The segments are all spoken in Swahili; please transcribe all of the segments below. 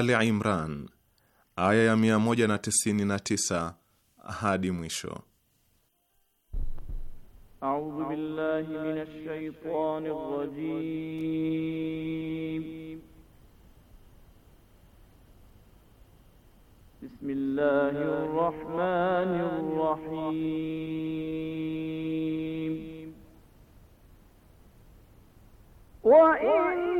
Ali Imran aya ya 199 hadi mwisho. A'udhu billahi minash shaitani rajim. Bismillahir rahmanir rahim. Wa in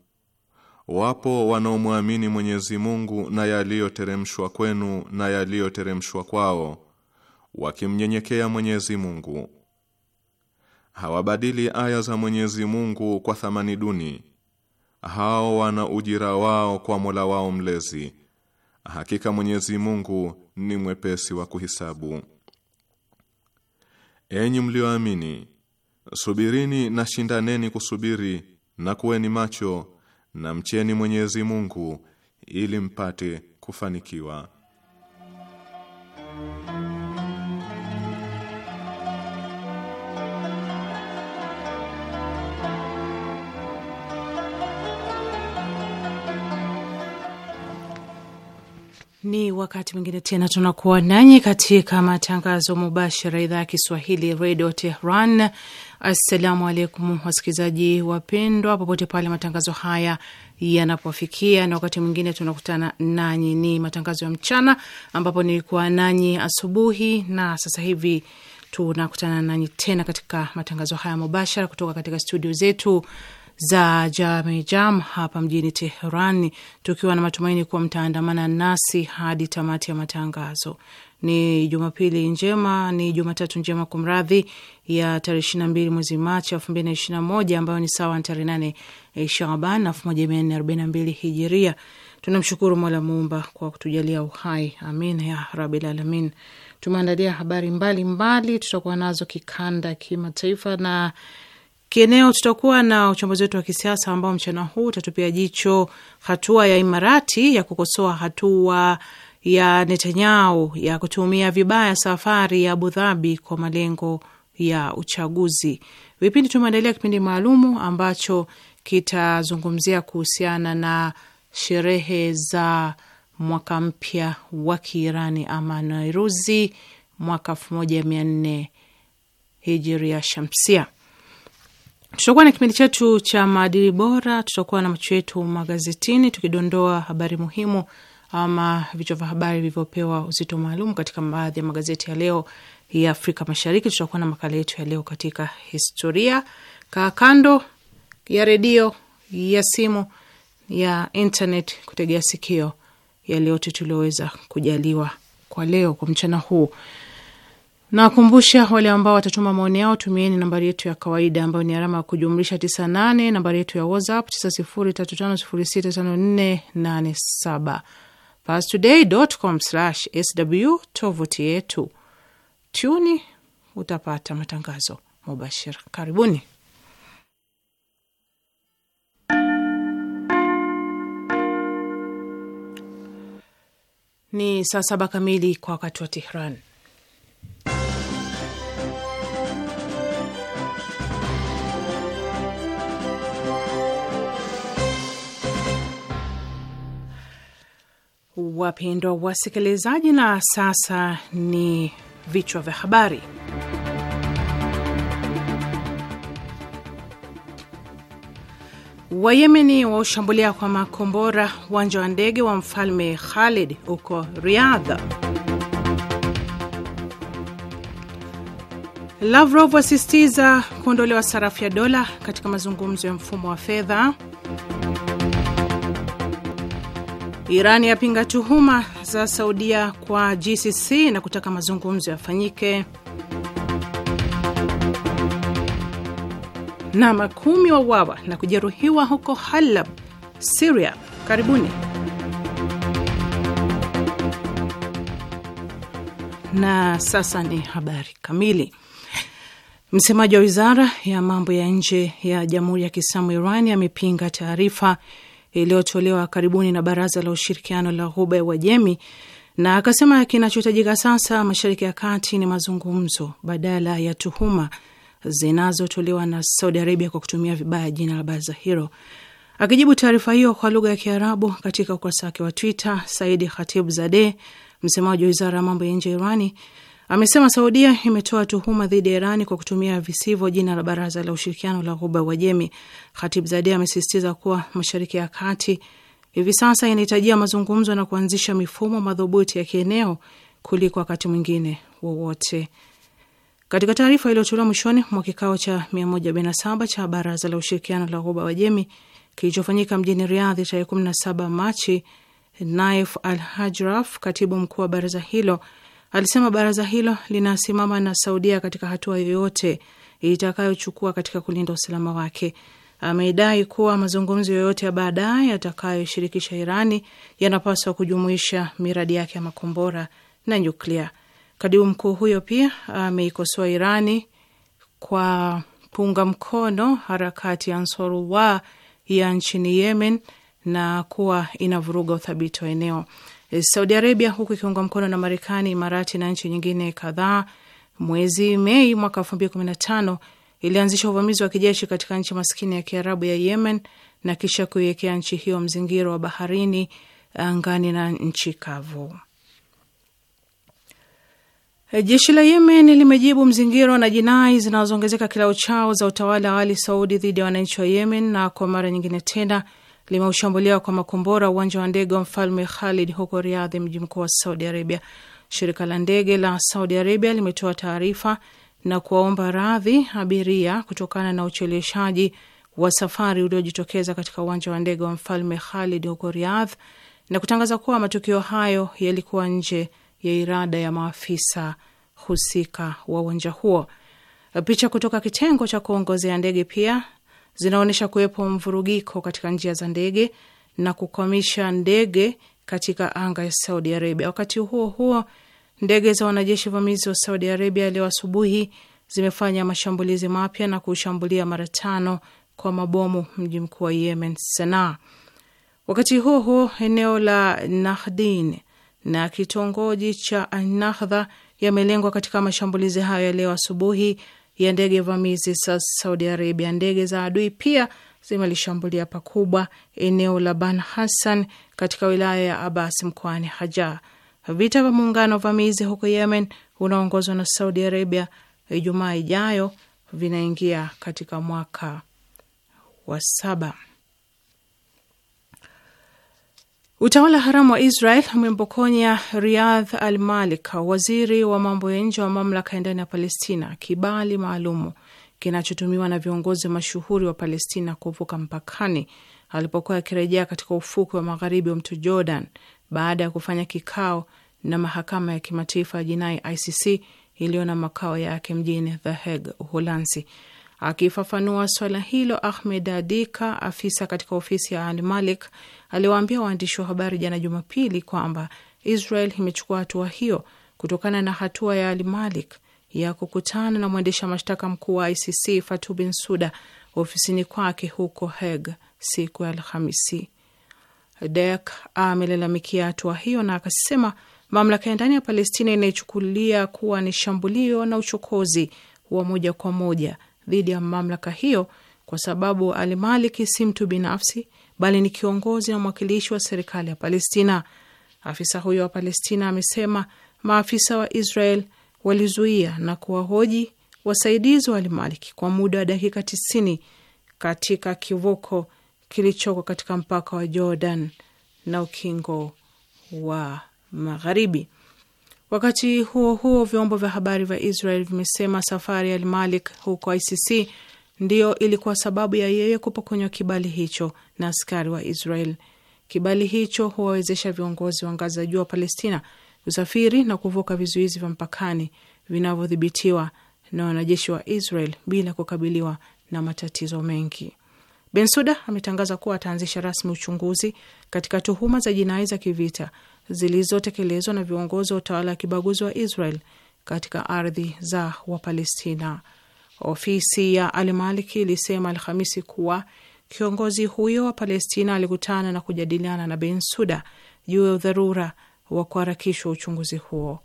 Wapo wanaomwamini Mwenyezi Mungu na yaliyoteremshwa kwenu na yaliyoteremshwa kwao, wakimnyenyekea Mwenyezi Mungu. Hawabadili aya za Mwenyezi Mungu kwa thamani duni. Hao wana ujira wao kwa Mola wao mlezi. Hakika Mwenyezi Mungu ni mwepesi wa kuhisabu. Enyi mlioamini, subirini na shindaneni kusubiri na kuweni macho na mcheni Mwenyezi Mungu ili mpate kufanikiwa. Ni wakati mwingine tena tunakuwa nanyi katika matangazo mubashara, idhaa ya Kiswahili, redio Tehran. Assalamu alaikum wasikilizaji wapendwa, popote pale matangazo haya yanapofikia, na wakati mwingine tunakutana nanyi. Ni matangazo ya mchana ambapo nilikuwa nanyi asubuhi, na sasa hivi tunakutana nanyi tena katika matangazo haya mubashara kutoka katika studio zetu za Jam hapa mjini Teherani, tukiwa na matumaini kuwa mtaandamana nasi hadi tamati ya matangazo. Ni Jumapili njema, ni Jumatatu njema, kumradhi, ya tarehe ishirini na mbili mwezi Machi elfu mbili na ishirini na moja ambayo ni sawa na tarehe nane eh, Shaban elfu moja mia nne arobaini na mbili hijiria. Tunamshukuru Mola Muumba kwa kutujalia uhai, amin ya rabil alamin. Tumeandalia habari mbalimbali, tutakuwa nazo kikanda, kimataifa na Kieneo tutakuwa na uchambuzi wetu wa kisiasa ambao mchana huu utatupia jicho hatua ya Imarati ya kukosoa hatua ya Netanyahu ya kutumia vibaya safari ya Abu Dhabi kwa malengo ya uchaguzi. Vipindi tumeandalia kipindi maalumu ambacho kitazungumzia kuhusiana na sherehe za mwaka mpya wa Kiirani ama Nairuzi mwaka elfu moja mia nne hijiria shamsia. Tutakuwa na kipindi chetu cha maadili bora, tutakuwa na macho yetu magazetini tukidondoa habari muhimu ama vichwa vya habari vilivyopewa uzito maalum katika baadhi ya magazeti ya leo ya Afrika Mashariki. Tutakuwa na makala yetu ya leo katika historia, kaa kando ya redio ya simu ya internet, kutegea sikio yaliyote tulioweza kujaliwa kwa leo kwa mchana huu. Nawakumbusha wale ambao watatuma maoni yao, tumieni nambari yetu ya kawaida ambayo ni alama ya kujumlisha 98, nambari yetu ya WhatsApp 9035065487, pastoday.com/sw, tovuti yetu tuni, utapata matangazo mubashir. Karibuni. Ni saa saba kamili kwa wakati wa Tehran. wapendwa wasikilizaji, na sasa ni vichwa vya habari. Wayemeni waushambulia kwa makombora uwanja wa ndege wa mfalme Khalid huko riadha Lavrov wasistiza kuondolewa sarafu ya dola katika mazungumzo ya mfumo wa fedha. Iran yapinga tuhuma za Saudia kwa GCC na kutaka mazungumzo yafanyike. Na makumi wa wawa na kujeruhiwa huko Halab, Syria. Karibuni. Na sasa ni habari kamili. Msemaji wa wizara ya mambo ya nje ya Jamhuri ya Kiislamu Iran amepinga taarifa iliyotolewa karibuni na Baraza la Ushirikiano la Ghuba ya Uajemi, na akasema kinachohitajika sasa Mashariki ya Kati ni mazungumzo badala ya tuhuma zinazotolewa na Saudi Arabia kwa kutumia vibaya jina la baraza hilo. Akijibu taarifa hiyo kwa lugha ya Kiarabu katika ukurasa wake wa Twitter, Saidi Khatib Zade, msemaji wa wizara ya mambo ya nje ya Irani, amesema Saudia imetoa tuhuma dhidi ya Irani kwa kutumia visivyo jina la Baraza la Ushirikiano la Ghuba Wajemi. Khatibzadeh amesisitiza kuwa Mashariki ya Kati hivi sasa inahitajia mazungumzo na kuanzisha mifumo madhubuti ya kieneo kuliko wakati mwingine wowote. Katika taarifa iliyotolewa mwishoni mwa kikao cha 147 cha Baraza la Ushirikiano la Ghuba Uajemi kilichofanyika mjini Riadhi tarehe 17 Machi, Naif Al Hajraf, katibu mkuu wa baraza hilo Alisema baraza hilo linasimama na Saudia katika hatua yoyote itakayochukua katika kulinda usalama wake. Ameidai kuwa mazungumzo yoyote ya baadaye yatakayoshirikisha Irani yanapaswa kujumuisha miradi yake ya makombora na nyuklia. Katibu mkuu huyo pia ameikosoa Irani kwa kuunga mkono harakati ya Ansarullah ya nchini Yemen na kuwa inavuruga uthabiti wa eneo. Eh, Saudi Arabia, huku ikiungwa mkono na Marekani, Imarati na nchi nyingine kadhaa, mwezi Mei mwaka tano ilianzisha uvamizi wa kijeshi katika nchi maskini ya kiarabu ya Yemen na kisha kuiwekea nchi hiyo mzingiro wa baharini, angani na nchi kavu. Eh, jeshi la Yemen limejibu mzingiro na jinai zinazoongezeka kila uchao za utawala wa Ali Saudi dhidi ya wananchi wa Yemen, na kwa mara nyingine tena limeushambulia kwa makombora uwanja wa ndege wa mfalme Khalid huko Riadhi, mji mkuu wa Saudi Arabia. Shirika la ndege la Saudi Arabia limetoa taarifa na kuwaomba radhi abiria kutokana na ucheleshaji wa safari uliojitokeza katika uwanja wa ndege wa mfalme Khalid huko Riadh na kutangaza kuwa matukio hayo yalikuwa nje ya irada ya maafisa husika wa uwanja huo. Picha kutoka kitengo cha kuongozea ndege pia zinaonyesha kuwepo mvurugiko katika njia za ndege na kukwamisha ndege katika anga ya Saudi Arabia. Wakati huo huo, ndege za wanajeshi vamizi wa Saudi Arabia leo asubuhi zimefanya mashambulizi mapya na kushambulia mara tano kwa mabomu mji mkuu wa Yemen, Sanaa. Wakati huo huo, eneo la Nahdin na kitongoji cha Nahdha yamelengwa katika mashambulizi hayo ya leo asubuhi ya ndege vamizi za Saudi Arabia. Ndege za adui pia zimelishambulia pakubwa eneo la Ban Hassan katika wilaya ya Abbas mkoani haja Vita vya muungano vamizi huko Yemen unaongozwa na Saudi Arabia Ijumaa ijayo vinaingia katika mwaka wa saba. Utawala haramu wa Israel umempokonya Riyadh Al Malik, waziri wa mambo ya nje wa mamlaka ya ndani ya Palestina, kibali maalumu kinachotumiwa na viongozi mashuhuri wa Palestina kuvuka mpakani alipokuwa akirejea katika ufukwe wa magharibi wa mto Jordan baada ya kufanya kikao na mahakama ya kimataifa ya jinai ICC iliyo na makao yake mjini The Hague, Uholanzi. Akifafanua swala hilo, Ahmed Adika, afisa katika ofisi ya Al Malik, aliwaambia waandishi wa habari jana Jumapili kwamba Israel imechukua hatua hiyo kutokana na hatua ya Ali Malik ya kukutana na mwendesha mashtaka mkuu wa ICC Fatu Bin Suda ofisini kwake huko Hague siku ya Alhamisi. Dek amelalamikia hatua hiyo na akasema mamlaka ya ndani ya Palestina inayechukulia kuwa ni shambulio na uchokozi wa moja kwa moja dhidi ya mamlaka hiyo, kwa sababu Al si mtu binafsi, bali ni kiongozi na mwakilishi wa serikali ya Palestina. Afisa huyo wa Palestina amesema maafisa wa Israel walizuia na kuwahoji wasaidizi wa Almaliki kwa muda wa dakika 90 katika kivuko kilichoko katika mpaka wa Jordan na ukingo wa Magharibi. Wakati huo huo, vyombo vya habari vya Israel vimesema safari ya Almalik huko ICC ndiyo ilikuwa sababu ya yeye kupokonywa kibali hicho na askari wa Israel. Kibali hicho huwawezesha viongozi wa ngazi za juu wa Palestina kusafiri na kuvuka vizuizi vya mpakani vinavyodhibitiwa na wanajeshi wa Israel bila kukabiliwa na matatizo mengi. Bensuda ametangaza kuwa ataanzisha rasmi uchunguzi katika tuhuma za jinai za kivita zilizotekelezwa na viongozi wa utawala wa kibaguzi wa Israel katika ardhi za Wapalestina. Ofisi ya Almaliki ilisema Alhamisi kuwa kiongozi huyo wa Palestina alikutana na kujadiliana na ben suda juu ya udharura wa kuharakishwa uchunguzi huo.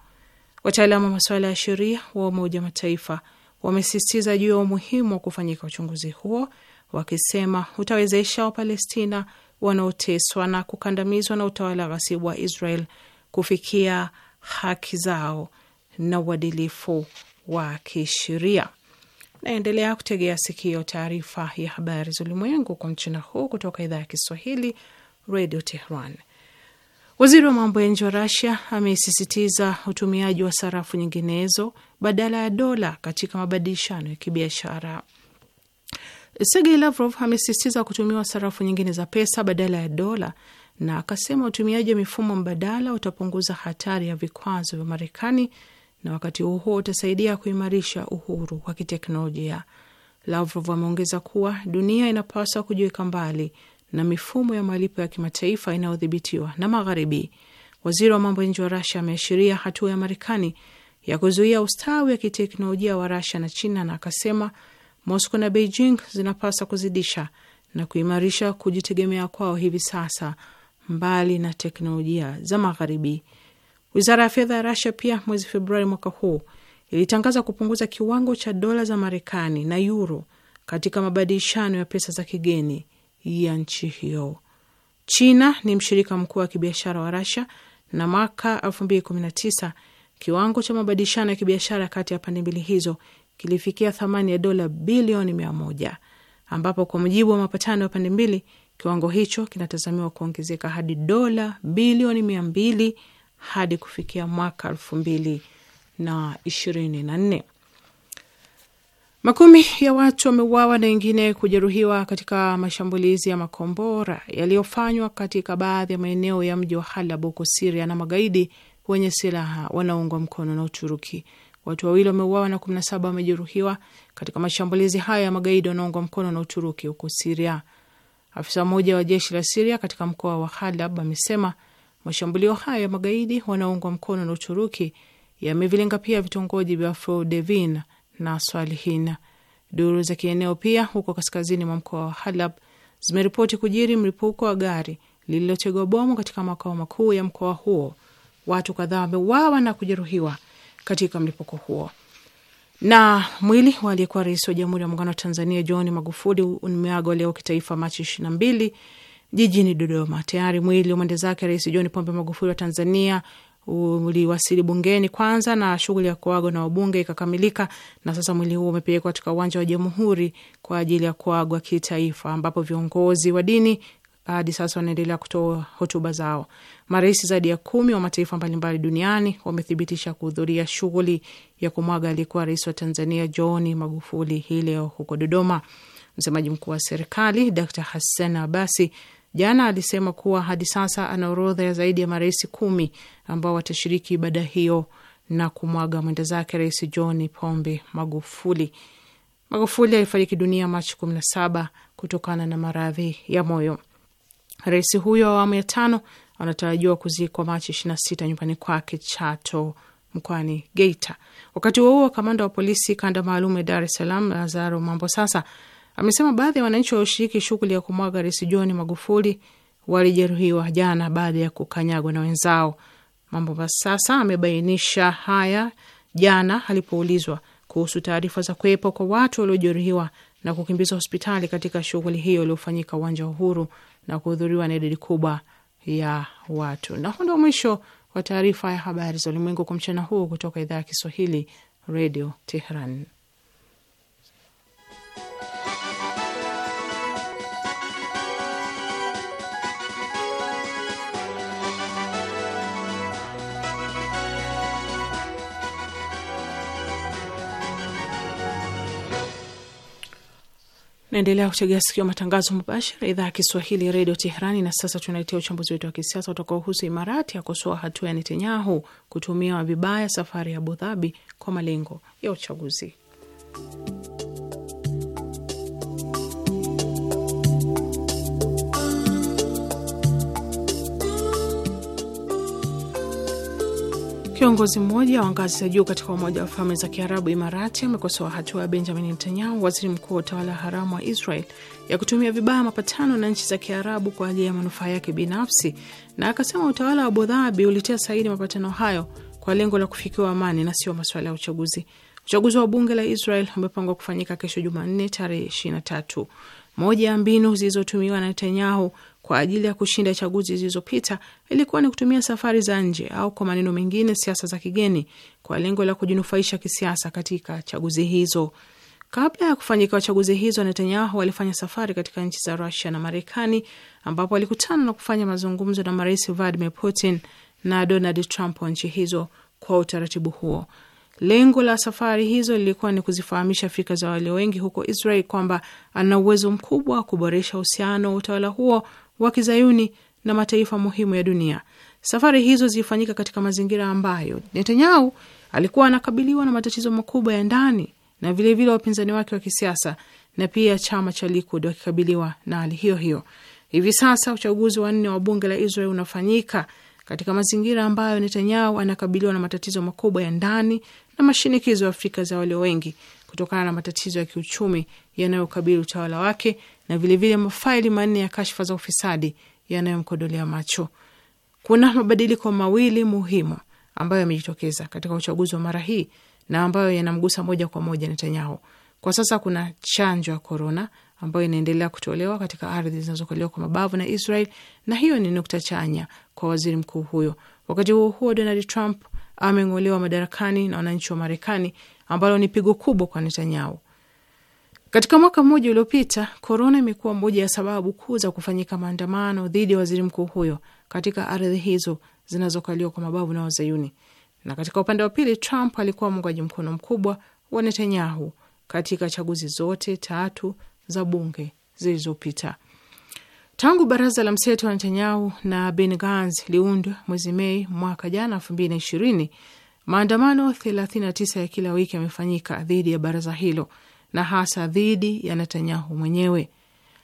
Wataalamu wa masuala ya sheria wa Umoja Mataifa wamesisitiza juu ya umuhimu wa kufanyika uchunguzi huo, wakisema utawezesha Wapalestina wanaoteswa na kukandamizwa na utawala ghasibu wa Israel kufikia haki zao na uadilifu wa kisheria. Naendelea kutegea sikio taarifa ya habari za ulimwengu kwa mchana huu kutoka idhaa ya Kiswahili, Radio Tehran. Waziri wa mambo ya nje wa Rasia amesisitiza utumiaji wa sarafu nyinginezo badala ya dola katika mabadilishano ya kibiashara. Sergei Lavrov amesisitiza kutumiwa sarafu nyingine za pesa badala ya dola na akasema utumiaji wa mifumo mbadala utapunguza hatari ya vikwazo vya Marekani na wakati huo huo utasaidia kuimarisha uhuru wa kiteknolojia. Lavrov ameongeza kuwa dunia inapaswa kujiweka mbali na mifumo ya malipo ya kimataifa inayodhibitiwa na Magharibi. Waziri wa mambo ya nje wa Rasia ameashiria hatua ya Marekani ya kuzuia ustawi wa kiteknolojia wa Rasia na China na akasema Moscow na Beijing zinapaswa kuzidisha na kuimarisha kujitegemea kwao hivi sasa, mbali na teknolojia za Magharibi. Wizara ya fedha ya Rasia pia mwezi Februari mwaka huu ilitangaza kupunguza kiwango cha dola za Marekani na yuro katika mabadilishano ya pesa za kigeni ya nchi hiyo. China ni mshirika mkuu wa kibiashara wa Rasia na mwaka 2019 kiwango cha mabadilishano ya kibiashara kati ya pande mbili hizo kilifikia thamani ya dola bilioni 100 ambapo kwa mujibu wa mapatano ya pande mbili kiwango hicho kinatazamiwa kuongezeka hadi dola bilioni 200 hadi kufikia mwaka elfu mbili na ishirini na nne. Makumi ya watu wameuawa na wengine kujeruhiwa katika mashambulizi ya makombora yaliyofanywa katika baadhi ya maeneo ya mji wa Halab huko Siria na magaidi wenye silaha wanaungwa mkono na Uturuki. Watu wawili wameuawa na saba wamejeruhiwa katika mashambulizi hayo ya magaidi wanaungwa mkono na Uturuki huko Siria. Afisa mmoja wa jeshi la Siria katika mkoa wa Halab amesema Mashambulio hayo ya magaidi wanaoungwa mkono na Uturuki yamevilenga pia vitongoji vya Frodevin na Swalihina. Duru za kieneo pia huko kaskazini mwa mkoa wa Halab zimeripoti kujiri mlipuko wa gari lililotegwa bomu katika makao makuu ya mkoa huo. Watu kadhaa wameuawa na kujeruhiwa katika mlipuko huo. Na mwili wa aliyekuwa rais wa Jamhuri ya Muungano wa Tanzania John Magufuli umeagwa leo kitaifa Machi na mbili jijini Dodoma. Tayari mwili wa mwende zake Rais John Pombe Magufuli wa Tanzania uliwasili bungeni kwanza na shughuli ya kuagwa na wabunge ikakamilika, na sasa mwili huo umepelekwa katika uwanja wa Jamhuri kwa ajili ya kuagwa kitaifa, ambapo viongozi wa dini hadi sasa wanaendelea kutoa hotuba zao. Marais zaidi ya kumi wa mataifa mbalimbali duniani wamethibitisha kuhudhuria shughuli ya kumwaga aliyekuwa rais wa Tanzania John Magufuli hii leo huko Dodoma. Msemaji mkuu wa serikali Dr Hassan Abasi Jana alisema kuwa hadi sasa ana orodha ya zaidi ya marais kumi ambao watashiriki ibada hiyo na kumwaga mwenda zake Rais John Pombe Magufuli. Magufuli alifariki dunia Machi 17 kutokana na maradhi ya moyo. Rais huyo wa awamu ya tano anatarajiwa kuzikwa Machi 26 nyumbani kwake Chato mkoani Geita. Wakati huo huo, kamanda wa polisi kanda maalum ya Dar es Salaam Lazaro Mambo sasa amesema baadhi ya wananchi walioshiriki shughuli ya kumwaga Rais John Magufuli walijeruhiwa jana baada ya kukanyagwa na wenzao. Mambo sasa amebainisha haya jana alipoulizwa kuhusu taarifa za kuwepo kwa watu waliojeruhiwa na kukimbiza hospitali katika shughuli hiyo iliyofanyika uwanja wa Uhuru na kuhudhuriwa na idadi kubwa ya watu. Na huu ndio mwisho wa taarifa ya habari za ulimwengu kwa mchana huu kutoka idhaa ya Kiswahili, Redio Tehran. Naendelea kutegea sikio matangazo mubashara idhaa ya Kiswahili redio Teherani. Na sasa tunaletea uchambuzi wetu wa kisiasa utakaohusu Imarati ya kosoa hatua ya Netanyahu kutumia vibaya safari ya Abu Dhabi kwa malengo ya uchaguzi. Kiongozi mmoja wa ngazi za juu katika Umoja wa Falme za Kiarabu, Imarati, amekosoa hatua ya Benjamin Netanyahu, waziri mkuu wa utawala haramu wa Israel, ya kutumia vibaya mapatano na nchi za Kiarabu kwa ajili ya manufaa yake binafsi, na akasema utawala wa Abu Dhabi ulitia saini mapatano hayo kwa lengo la kufikiwa amani na sio masuala ya uchaguzi. Uchaguzi wa bunge la Israel umepangwa kufanyika kesho Jumanne tarehe 23. Moja ya mbinu zilizotumiwa na Netanyahu kwa ajili ya kushinda chaguzi zilizopita ilikuwa ni kutumia safari za nje au kwa maneno mengine siasa za kigeni kwa lengo la kujinufaisha kisiasa katika chaguzi hizo. Kabla ya kufanyika chaguzi hizo, Netanyahu alifanya safari katika nchi za Rusia na Marekani, ambapo alikutana na kufanya mazungumzo na marais Vladimir Putin na Donald Trump wa nchi hizo kwa utaratibu huo. Lengo la safari hizo lilikuwa ni kuzifahamisha fikra za walio wengi huko Israel kwamba ana uwezo mkubwa wa kuboresha uhusiano wa utawala huo wa kizayuni na mataifa muhimu ya dunia. Safari hizo zilifanyika katika mazingira ambayo Netanyahu alikuwa anakabiliwa na matatizo makubwa ya ndani na vilevile wapinzani wake wa kisiasa na pia chama cha Likud wakikabiliwa na hali hiyo hiyo. Hivi sasa uchaguzi wa nne wa bunge la Israel unafanyika katika mazingira ambayo Netanyahu anakabiliwa na matatizo makubwa ya ndani na mashinikizo ya Afrika za walio wengi kutokana na matatizo ya kiuchumi yanayokabili utawala wake na vilevile mafaili manne ya kashfa za ufisadi yanayomkodolea macho. Kuna mabadiliko mawili muhimu ambayo yamejitokeza katika uchaguzi wa mara hii na ambayo yanamgusa moja kwa moja Netanyahu. Kwa sasa kuna chanjo ya korona ambayo inaendelea kutolewa katika ardhi zinazokaliwa kwa mabavu na Israel, na hiyo ni nukta chanya kwa waziri mkuu huyo. Wakati huo huo, Donald Trump ameng'olewa madarakani na wananchi wa Marekani, ambalo ni pigo kubwa kwa Netanyahu. Katika mwaka mmoja uliopita, korona imekuwa moja ya sababu kuu za kufanyika maandamano dhidi ya waziri mkuu huyo katika ardhi hizo zinazokaliwa kwa mabavu na Wazayuni. Na katika upande wa pili, Trump alikuwa muungaji mkono mkubwa wa Netanyahu katika chaguzi zote tatu za bunge zilizopita. Tangu baraza la mseto wa Netanyahu na Ben Gans liundwe mwezi Mei mwaka jana 2020, maandamano 39 ya kila wiki yamefanyika dhidi ya baraza hilo na hasa dhidi ya Netanyahu mwenyewe.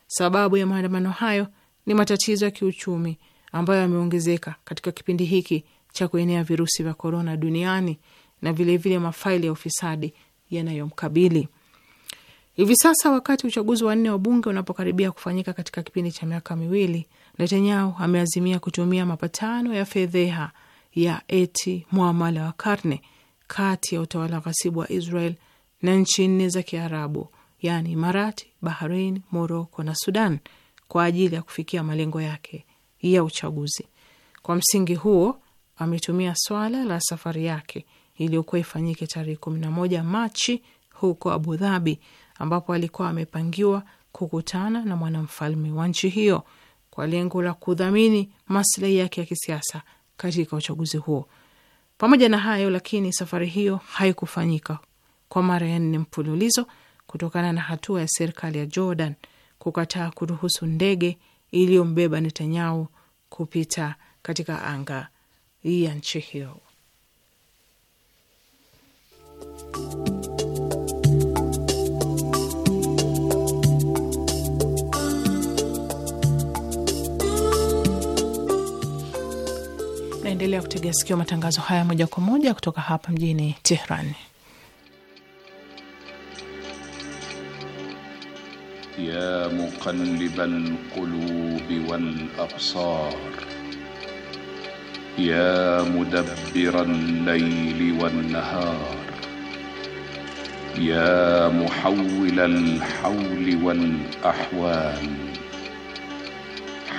Sababu ya maandamano hayo ni matatizo ya kiuchumi ambayo yameongezeka katika kipindi hiki cha kuenea virusi vya korona duniani na vilevile vile mafaili ya ufisadi yanayomkabili. Hivi sasa wakati uchaguzi wa nne wa bunge unapokaribia kufanyika katika kipindi cha miaka miwili, Netanyahu ameazimia kutumia mapatano ya fedheha ya eti mwamala wa karne kati ya utawala ghasibu wa Israel na nchi nne za Kiarabu, yaani Imarati, Bahrain, Moroko na Sudan kwa ajili ya kufikia malengo yake ya uchaguzi. Kwa msingi huo ametumia swala la safari yake iliyokuwa ifanyike tarehe 11 Machi huko Abu Dhabi ambapo alikuwa amepangiwa kukutana na mwanamfalme wa nchi hiyo kwa lengo la kudhamini maslahi yake ya kisiasa katika uchaguzi huo. Pamoja na hayo lakini, safari hiyo haikufanyika kwa mara ya nne mfululizo kutokana na hatua ya serikali ya Jordan kukataa kuruhusu ndege iliyombeba Netanyahu kupita katika anga ya nchi hiyo. Mnaendelea kutegea sikio matangazo haya moja kwa moja kutoka hapa mjini Tehran. Ya muqallibal qulubi wal absar ya mudabbiral layli wan nahar ya muhawwilal hawli wal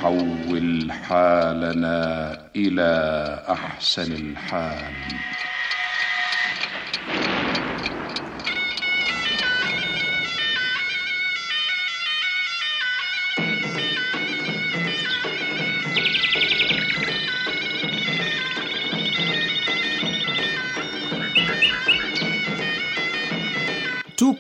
حول حالنا الى احسن الحال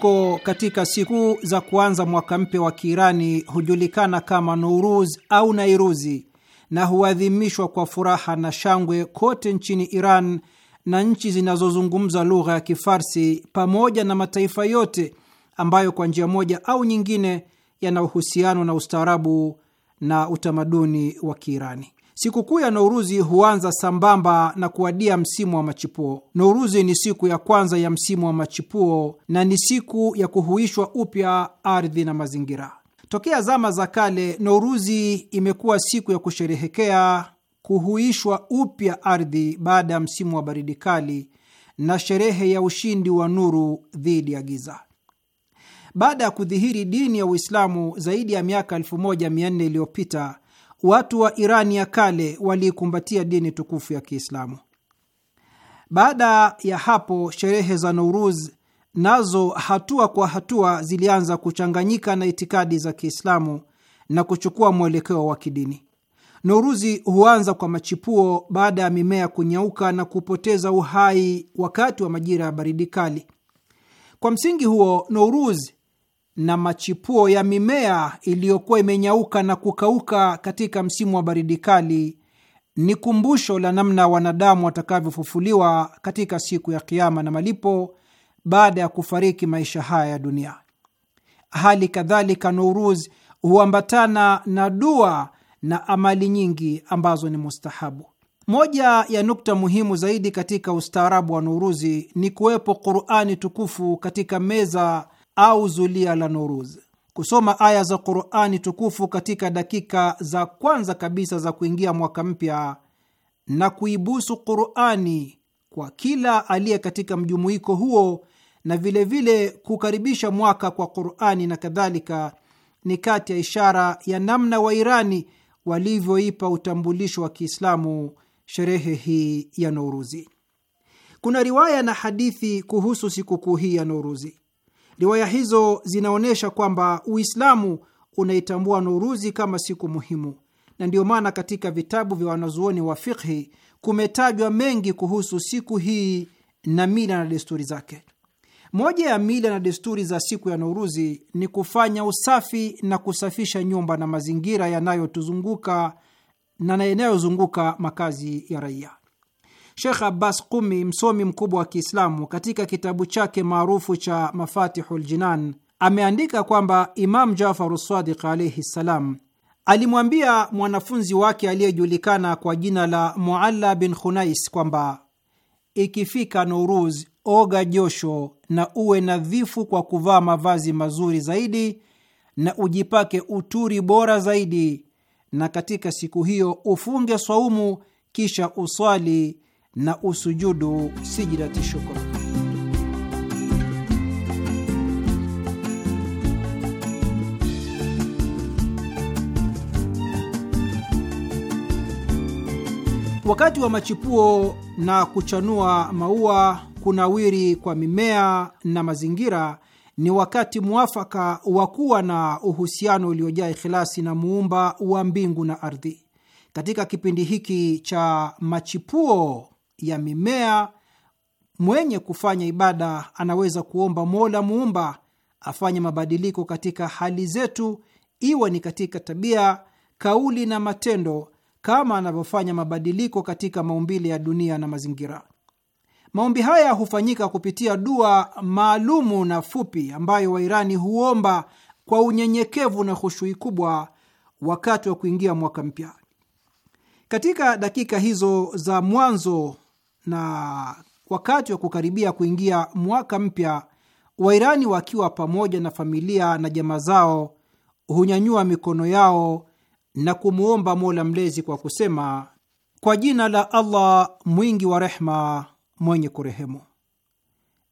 huko katika siku za kuanza mwaka mpya wa Kiirani hujulikana kama Nuruz au Nairuzi na huadhimishwa kwa furaha na shangwe kote nchini Iran na nchi zinazozungumza lugha ya Kifarsi pamoja na mataifa yote ambayo kwa njia moja au nyingine yana uhusiano na ustaarabu na utamaduni wa Kiirani. Sikukuu ya Nouruzi huanza sambamba na kuadia msimu wa machipuo. Nouruzi ni siku ya kwanza ya msimu wa machipuo na ni siku ya kuhuishwa upya ardhi na mazingira. Tokea zama za kale, Nouruzi imekuwa siku ya kusherehekea kuhuishwa upya ardhi baada ya msimu wa baridi kali na sherehe ya ushindi wa nuru dhidi ya giza. Baada ya kudhihiri dini ya Uislamu zaidi ya miaka 1400 iliyopita watu wa Irani ya kale waliikumbatia dini tukufu ya Kiislamu. Baada ya hapo, sherehe za nouruz nazo hatua kwa hatua zilianza kuchanganyika na itikadi za Kiislamu na kuchukua mwelekeo wa kidini. nouruzi huanza kwa machipuo baada ya mimea kunyauka na kupoteza uhai wakati wa majira ya baridi kali. Kwa msingi huo, Nouruzi na machipuo ya mimea iliyokuwa imenyauka na kukauka katika msimu wa baridi kali ni kumbusho la namna wanadamu watakavyofufuliwa katika siku ya Kiama na malipo baada ya kufariki maisha haya ya dunia. Hali kadhalika, Nouruz huambatana na dua na amali nyingi ambazo ni mustahabu. Moja ya nukta muhimu zaidi katika ustaarabu wa Nouruzi ni kuwepo Qurani tukufu katika meza au zulia la Noruz. Kusoma aya za Qurani tukufu katika dakika za kwanza kabisa za kuingia mwaka mpya na kuibusu Qurani kwa kila aliye katika mjumuiko huo na vilevile vile kukaribisha mwaka kwa Qurani na kadhalika, ni kati ya ishara ya namna Wairani walivyoipa utambulisho wa Kiislamu sherehe hii ya Nouruzi. Kuna riwaya na hadithi kuhusu sikukuu hii ya Nouruzi. Riwaya hizo zinaonyesha kwamba Uislamu unaitambua Nuruzi kama siku muhimu, na ndiyo maana katika vitabu vya wanazuoni wa fikhi kumetajwa mengi kuhusu siku hii na mila na desturi zake. Moja ya mila na desturi za siku ya Nuruzi ni kufanya usafi na kusafisha nyumba na mazingira yanayotuzunguka na yanayozunguka makazi ya raia. Shekh Abbas Qumi, msomi mkubwa wa Kiislamu, katika kitabu chake maarufu cha Mafatihu Ljinan ameandika kwamba Imam Jafaru Sadiq alaihi ssalam alimwambia mwanafunzi wake aliyejulikana kwa jina la Mualla bin Khunais kwamba ikifika Nouruz oga josho na uwe nadhifu kwa kuvaa mavazi mazuri zaidi na ujipake uturi bora zaidi, na katika siku hiyo ufunge swaumu, kisha uswali na usujudu sijidati shukra. Wakati wa machipuo na kuchanua maua, kunawiri kwa mimea na mazingira ni wakati mwafaka wa kuwa na uhusiano uliojaa ikhilasi na muumba wa mbingu na ardhi. Katika kipindi hiki cha machipuo ya mimea, mwenye kufanya ibada anaweza kuomba Mola muumba afanye mabadiliko katika hali zetu, iwe ni katika tabia, kauli na matendo, kama anavyofanya mabadiliko katika maumbile ya dunia na mazingira. Maombi haya hufanyika kupitia dua maalumu na fupi ambayo Wairani huomba kwa unyenyekevu na hushui kubwa wakati wa kuingia mwaka mpya. Katika dakika hizo za mwanzo na wakati wa kukaribia kuingia mwaka mpya, Wairani wakiwa pamoja na familia na jamaa zao hunyanyua mikono yao na kumwomba Mola Mlezi kwa kusema: kwa jina la Allah mwingi wa rehma, mwenye kurehemu.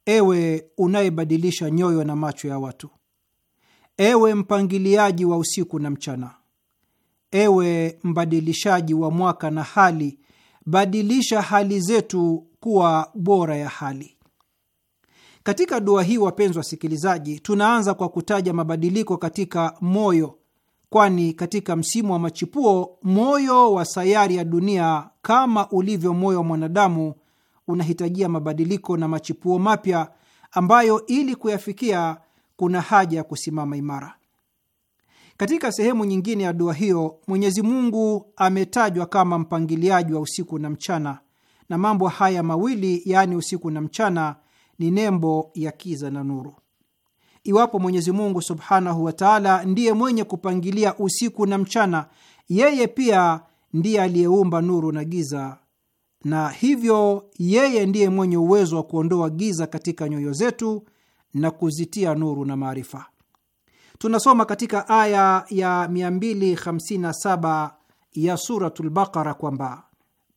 Ewe unayebadilisha nyoyo na macho ya watu, ewe mpangiliaji wa usiku na mchana, ewe mbadilishaji wa mwaka na hali badilisha hali zetu kuwa bora ya hali. Katika dua hii, wapenzi wasikilizaji, tunaanza kwa kutaja mabadiliko katika moyo, kwani katika msimu wa machipuo moyo wa sayari ya dunia, kama ulivyo moyo wa mwanadamu, unahitajia mabadiliko na machipuo mapya ambayo ili kuyafikia kuna haja ya kusimama imara. Katika sehemu nyingine ya dua hiyo Mwenyezi Mungu ametajwa kama mpangiliaji wa usiku na mchana, na mambo haya mawili yaani usiku na mchana ni nembo ya kiza na nuru. Iwapo Mwenyezi Mungu subhanahu wa taala ndiye mwenye kupangilia usiku na mchana, yeye pia ndiye aliyeumba nuru na giza, na hivyo yeye ndiye mwenye uwezo wa kuondoa giza katika nyoyo zetu na kuzitia nuru na maarifa. Tunasoma katika aya ya 257 ya Suratul Baqara kwamba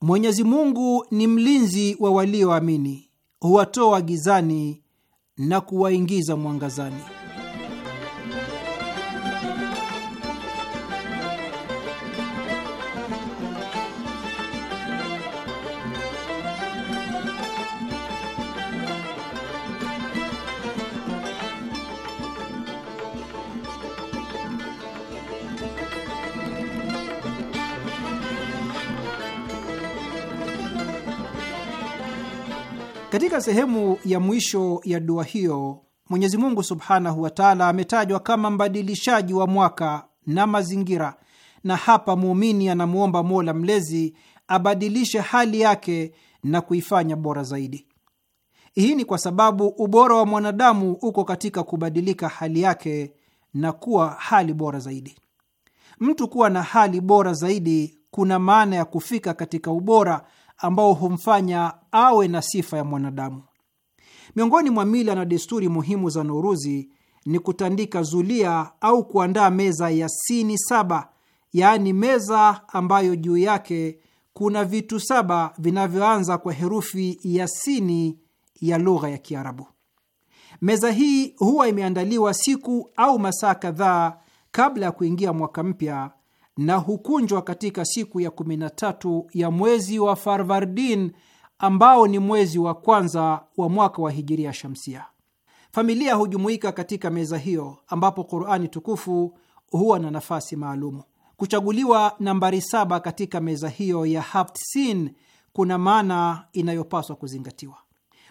Mwenyezi Mungu ni mlinzi wa walioamini, wa huwatoa gizani na kuwaingiza mwangazani. Katika sehemu ya mwisho ya dua hiyo Mwenyezi Mungu subhanahu wa taala ametajwa kama mbadilishaji wa mwaka na mazingira, na hapa muumini anamwomba Mola Mlezi abadilishe hali yake na kuifanya bora zaidi. Hii ni kwa sababu ubora wa mwanadamu uko katika kubadilika hali yake na kuwa hali bora zaidi. Mtu kuwa na hali bora zaidi kuna maana ya kufika katika ubora ambao humfanya awe na sifa ya mwanadamu. Miongoni mwa mila na desturi muhimu za Nouruzi ni kutandika zulia au kuandaa meza ya sini saba, yaani meza ambayo juu yake kuna vitu saba vinavyoanza kwa herufi ya sini ya lugha ya Kiarabu. Meza hii huwa imeandaliwa siku au masaa kadhaa kabla ya kuingia mwaka mpya na hukunjwa katika siku ya kumi na tatu ya mwezi wa Farvardin ambao ni mwezi wa kwanza wa mwaka wa hijiria shamsia. Familia hujumuika katika meza hiyo ambapo Qurani tukufu huwa na nafasi maalumu. Kuchaguliwa nambari saba katika meza hiyo ya Haftsin kuna maana inayopaswa kuzingatiwa.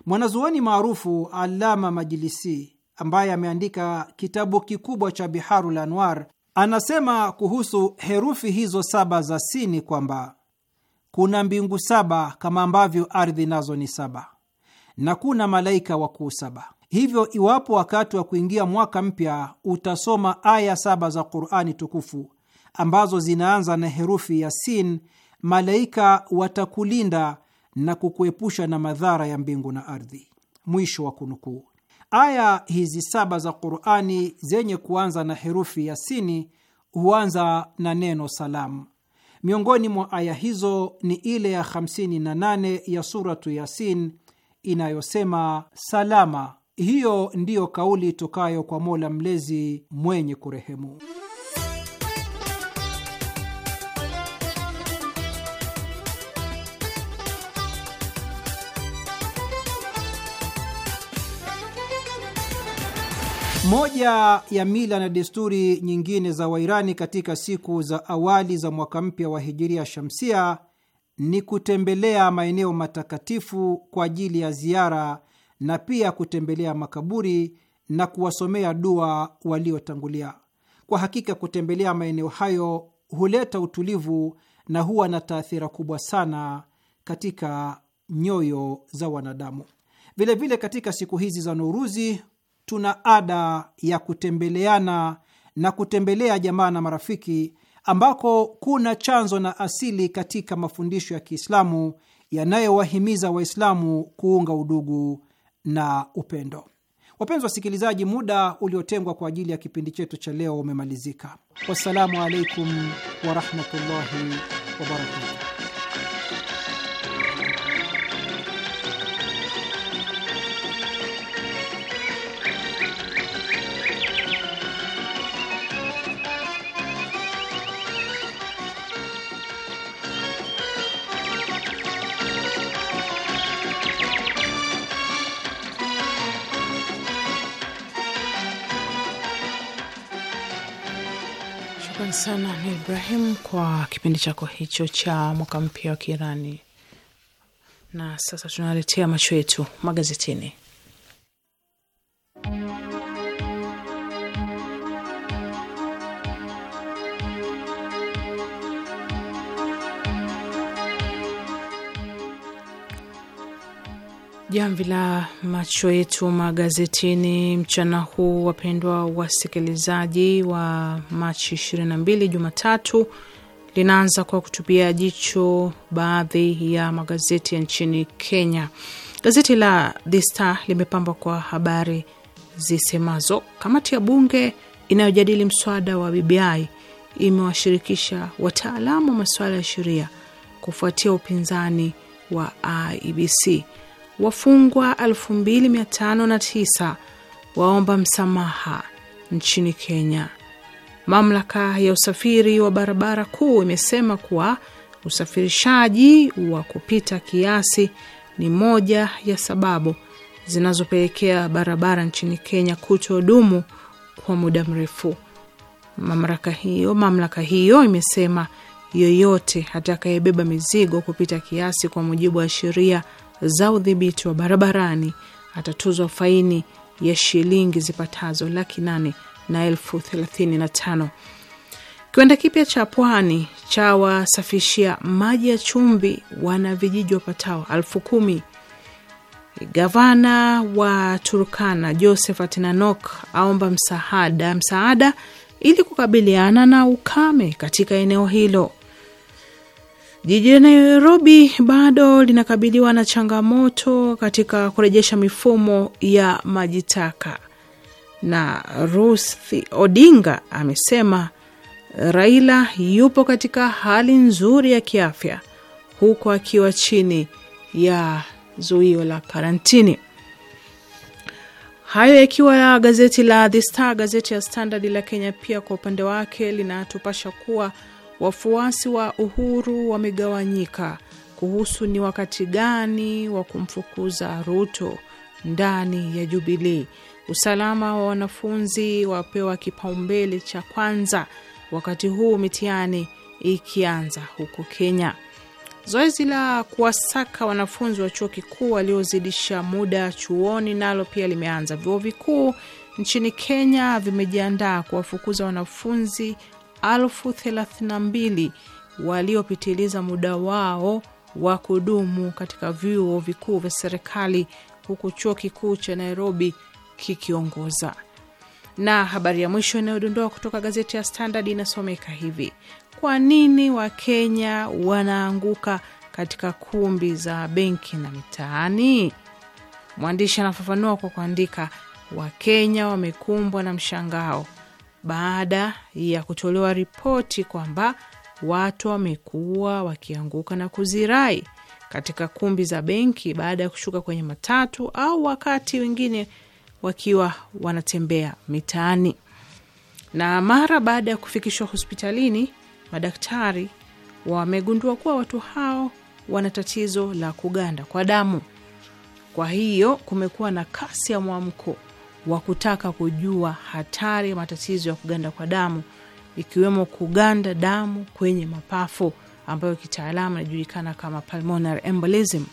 Mwanazuoni maarufu Alama Majilisi ambaye ameandika kitabu kikubwa cha Biharul Anwar Anasema kuhusu herufi hizo saba za Sini kwamba kuna mbingu saba kama ambavyo ardhi nazo ni saba na kuna malaika wakuu saba. Hivyo iwapo wakati wa kuingia mwaka mpya utasoma aya saba za Qur'ani tukufu ambazo zinaanza na herufi ya Sin, malaika watakulinda na kukuepusha na madhara ya mbingu na ardhi. Mwisho wa kunukuu. Aya hizi saba za Qurani zenye kuanza na herufi ya sini huanza na neno salamu. Miongoni mwa aya hizo ni ile ya 58 ya Suratu Yasin inayosema salama. Hiyo ndiyo kauli itokayo kwa Mola Mlezi mwenye kurehemu. Moja ya mila na desturi nyingine za Wairani katika siku za awali za mwaka mpya wa hijiria shamsia ni kutembelea maeneo matakatifu kwa ajili ya ziara na pia kutembelea makaburi na kuwasomea dua waliotangulia. Kwa hakika kutembelea maeneo hayo huleta utulivu na huwa na taathira kubwa sana katika nyoyo za wanadamu. Vilevile vile katika siku hizi za Nouruzi tuna ada ya kutembeleana na kutembelea jamaa na marafiki, ambako kuna chanzo na asili katika mafundisho ya Kiislamu yanayowahimiza Waislamu kuunga udugu na upendo. Wapenzi wasikilizaji, muda uliotengwa kwa ajili ya kipindi chetu cha leo umemalizika. Wassalamu alaikum warahmatullahi wabarakatu. Ibrahim, kwa kipindi chako hicho cha mwaka mpya wa Kiirani. Na sasa tunaletea macho yetu magazetini. Jamvi la macho yetu magazetini mchana huu, wapendwa wasikilizaji, wa Machi 22 Jumatatu, linaanza kwa kutupia jicho baadhi ya magazeti ya nchini Kenya. Gazeti la The Star limepambwa kwa habari zisemazo kamati ya bunge inayojadili mswada wa BBI imewashirikisha wataalamu wa masuala ya sheria kufuatia upinzani wa IEBC. Wafungwa 2509 waomba msamaha nchini Kenya. Mamlaka ya usafiri wa barabara kuu imesema kuwa usafirishaji wa kupita kiasi ni moja ya sababu zinazopelekea barabara nchini Kenya kutodumu kwa muda mrefu. Mamlaka hiyo mamlaka hiyo imesema yoyote atakayebeba mizigo kupita kiasi kwa mujibu wa sheria za udhibiti wa barabarani atatuzwa faini ya shilingi zipatazo laki nane na elfu thelathini na tano. Kiwanda kipya cha pwani cha wasafishia maji ya chumvi wana vijiji wapatao elfu kumi. Gavana wa Turkana Josephat Nanok aomba msaada msaada ili kukabiliana na ukame katika eneo hilo. Jiji la Nairobi bado linakabiliwa na changamoto katika kurejesha mifumo ya maji taka, na Ruth Odinga amesema Raila yupo katika hali nzuri ya kiafya huku akiwa chini ya zuio la karantini. Hayo yakiwa ya gazeti la The Star. Gazeti ya Standard la Kenya pia kwa upande wake linatupasha kuwa wafuasi wa Uhuru wamegawanyika kuhusu ni wakati gani wa kumfukuza Ruto ndani ya Jubilii. Usalama wa wanafunzi wapewa kipaumbele cha kwanza wakati huu mitihani ikianza huko Kenya. Zoezi la kuwasaka wanafunzi wa chuo kikuu waliozidisha muda chuoni nalo pia limeanza. Vyuo vikuu nchini Kenya vimejiandaa kuwafukuza wanafunzi elfu thelathini na mbili waliopitiliza muda wao wa kudumu katika vyuo vikuu vya serikali huku chuo kikuu cha Nairobi kikiongoza. Na habari ya mwisho inayodondoa kutoka gazeti ya Standard inasomeka hivi: kwa nini Wakenya wanaanguka katika kumbi za benki na mitaani? Mwandishi anafafanua kwa kuandika, Wakenya wamekumbwa na mshangao baada ya kutolewa ripoti kwamba watu wamekuwa wakianguka na kuzirai katika kumbi za benki baada ya kushuka kwenye matatu au wakati wengine wakiwa wanatembea mitaani. Na mara baada ya kufikishwa hospitalini, madaktari wamegundua kuwa watu hao wana tatizo la kuganda kwa damu. Kwa hiyo kumekuwa na kasi ya mwamko wa kutaka kujua hatari ya matatizo ya kuganda kwa damu ikiwemo kuganda damu kwenye mapafu ambayo kitaalamu inajulikana kama pulmonary embolism.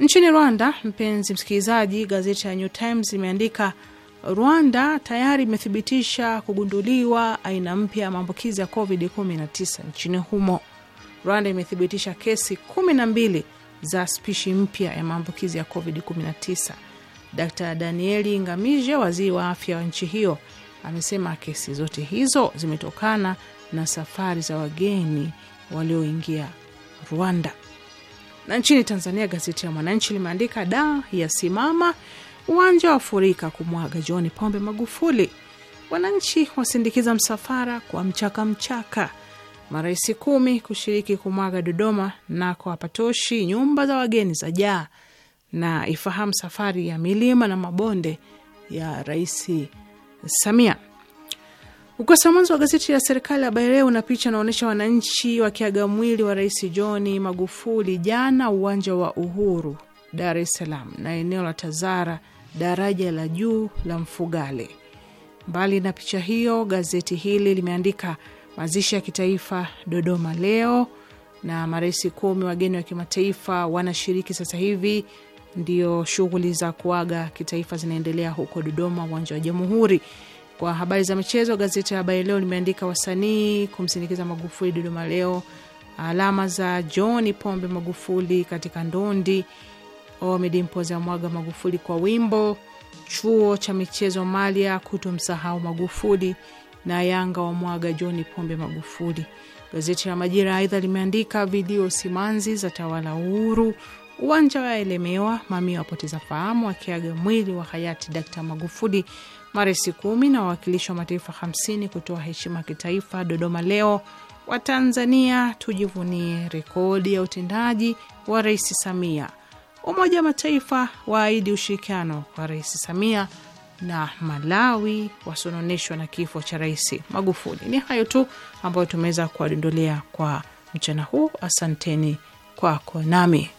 Nchini Rwanda, mpenzi msikilizaji, gazeti la New Times limeandika Rwanda tayari imethibitisha kugunduliwa aina mpya ya maambukizi ya COVID-19 nchini humo. Rwanda imethibitisha kesi 12 za spishi mpya ya maambukizi ya COVID-19 Dr Danieli Ngamije, waziri wa afya wa nchi hiyo, amesema kesi zote hizo zimetokana na safari za wageni walioingia Rwanda. Na nchini Tanzania, gazeti ya Mwananchi limeandika da ya simama uwanja wafurika kumwaga John Pombe Magufuli, wananchi wasindikiza msafara kwa mchaka mchaka. Marais kumi kushiriki kumwaga Dodoma, nako hapatoshi, nyumba za wageni za jaa na ifahamu safari ya milima na mabonde ya Rais Samia. Ukurasa wa mwanzo wa gazeti la serikali Habari Leo una picha unaonyesha wananchi wakiaga mwili wa Rais John Magufuli jana uwanja wa Uhuru Dar es Salaam na eneo la Tazara daraja la juu la Mfugale. Mbali na picha hiyo, gazeti hili limeandika mazishi ya kitaifa Dodoma leo, na marais kumi wageni wa kimataifa wanashiriki sasa hivi ndio shughuli za kuaga kitaifa zinaendelea huko Dodoma, uwanja wa Jamhuri. Kwa habari za michezo, gazeti ya Habari Leo limeandika wasanii kumsindikiza Magufuli Dodoma leo, alama za John Pombe Magufuli katika ndondi, Omid ya mwaga Magufuli kwa wimbo, chuo cha michezo Malia kutomsahau Magufuli na Yanga wa mwaga John Pombe Magufuli. Gazeti la Majira aidha limeandika video simanzi za tawala uhuru Uwanja wa Elemewa, mamia wapoteza fahamu wakiaga mwili wa hayati Dkt Magufuli. Maresi kumi na wawakilishi wa mataifa 50 kutoa heshima kitaifa Dodoma leo. Watanzania tujivunie rekodi ya utendaji wa Rais Samia. Umoja wa Mataifa waahidi ushirikiano wa Rais Samia na Malawi wasononeshwa na kifo cha Rais Magufuli. Ni hayo tu ambayo tumeweza kuwadondolea kwa mchana huu. Asanteni kwako nami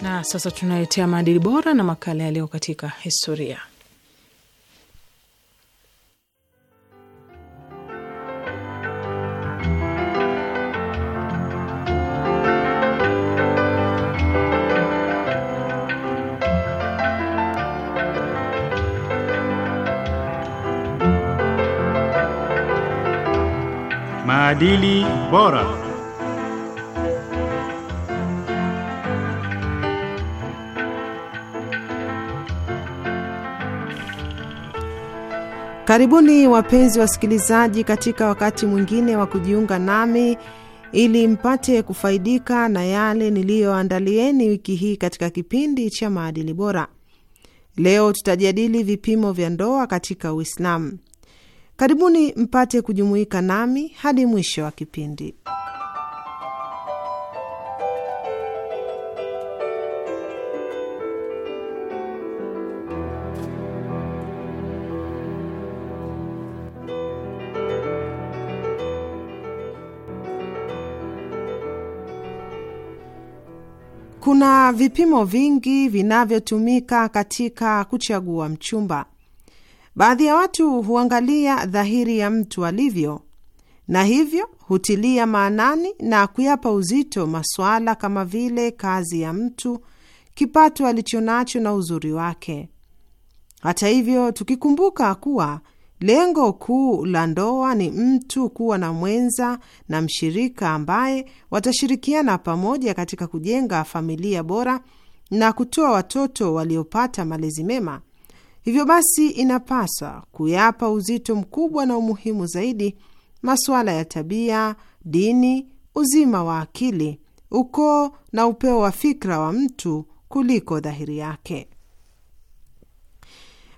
Na sasa tunaletea maadili bora na makala ya leo katika historia. Maadili bora. Karibuni wapenzi wasikilizaji, katika wakati mwingine wa kujiunga nami ili mpate kufaidika na yale niliyoandalieni wiki hii katika kipindi cha maadili bora. Leo tutajadili vipimo vya ndoa katika Uislamu. Karibuni mpate kujumuika nami hadi mwisho wa kipindi. Kuna vipimo vingi vinavyotumika katika kuchagua mchumba. Baadhi ya watu huangalia dhahiri ya mtu alivyo, na hivyo hutilia maanani na kuyapa uzito masuala kama vile kazi ya mtu, kipato alichonacho na uzuri wake. Hata hivyo, tukikumbuka kuwa Lengo kuu la ndoa ni mtu kuwa na mwenza na mshirika ambaye watashirikiana pamoja katika kujenga familia bora na kutoa watoto waliopata malezi mema. Hivyo basi, inapaswa kuyapa uzito mkubwa na umuhimu zaidi masuala ya tabia, dini, uzima wa akili, ukoo na upeo wa fikra wa mtu kuliko dhahiri yake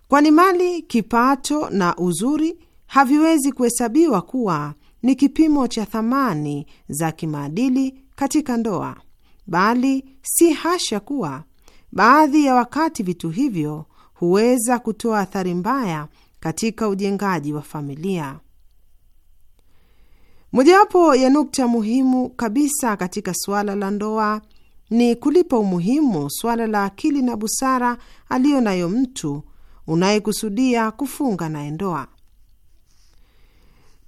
kwani mali, kipato na uzuri haviwezi kuhesabiwa kuwa ni kipimo cha thamani za kimaadili katika ndoa, bali si hasha kuwa baadhi ya wakati vitu hivyo huweza kutoa athari mbaya katika ujengaji wa familia. Mojawapo ya nukta muhimu kabisa katika suala la ndoa ni kulipa umuhimu suala la akili na busara aliyo nayo mtu unayekusudia kufunga naye ndoa.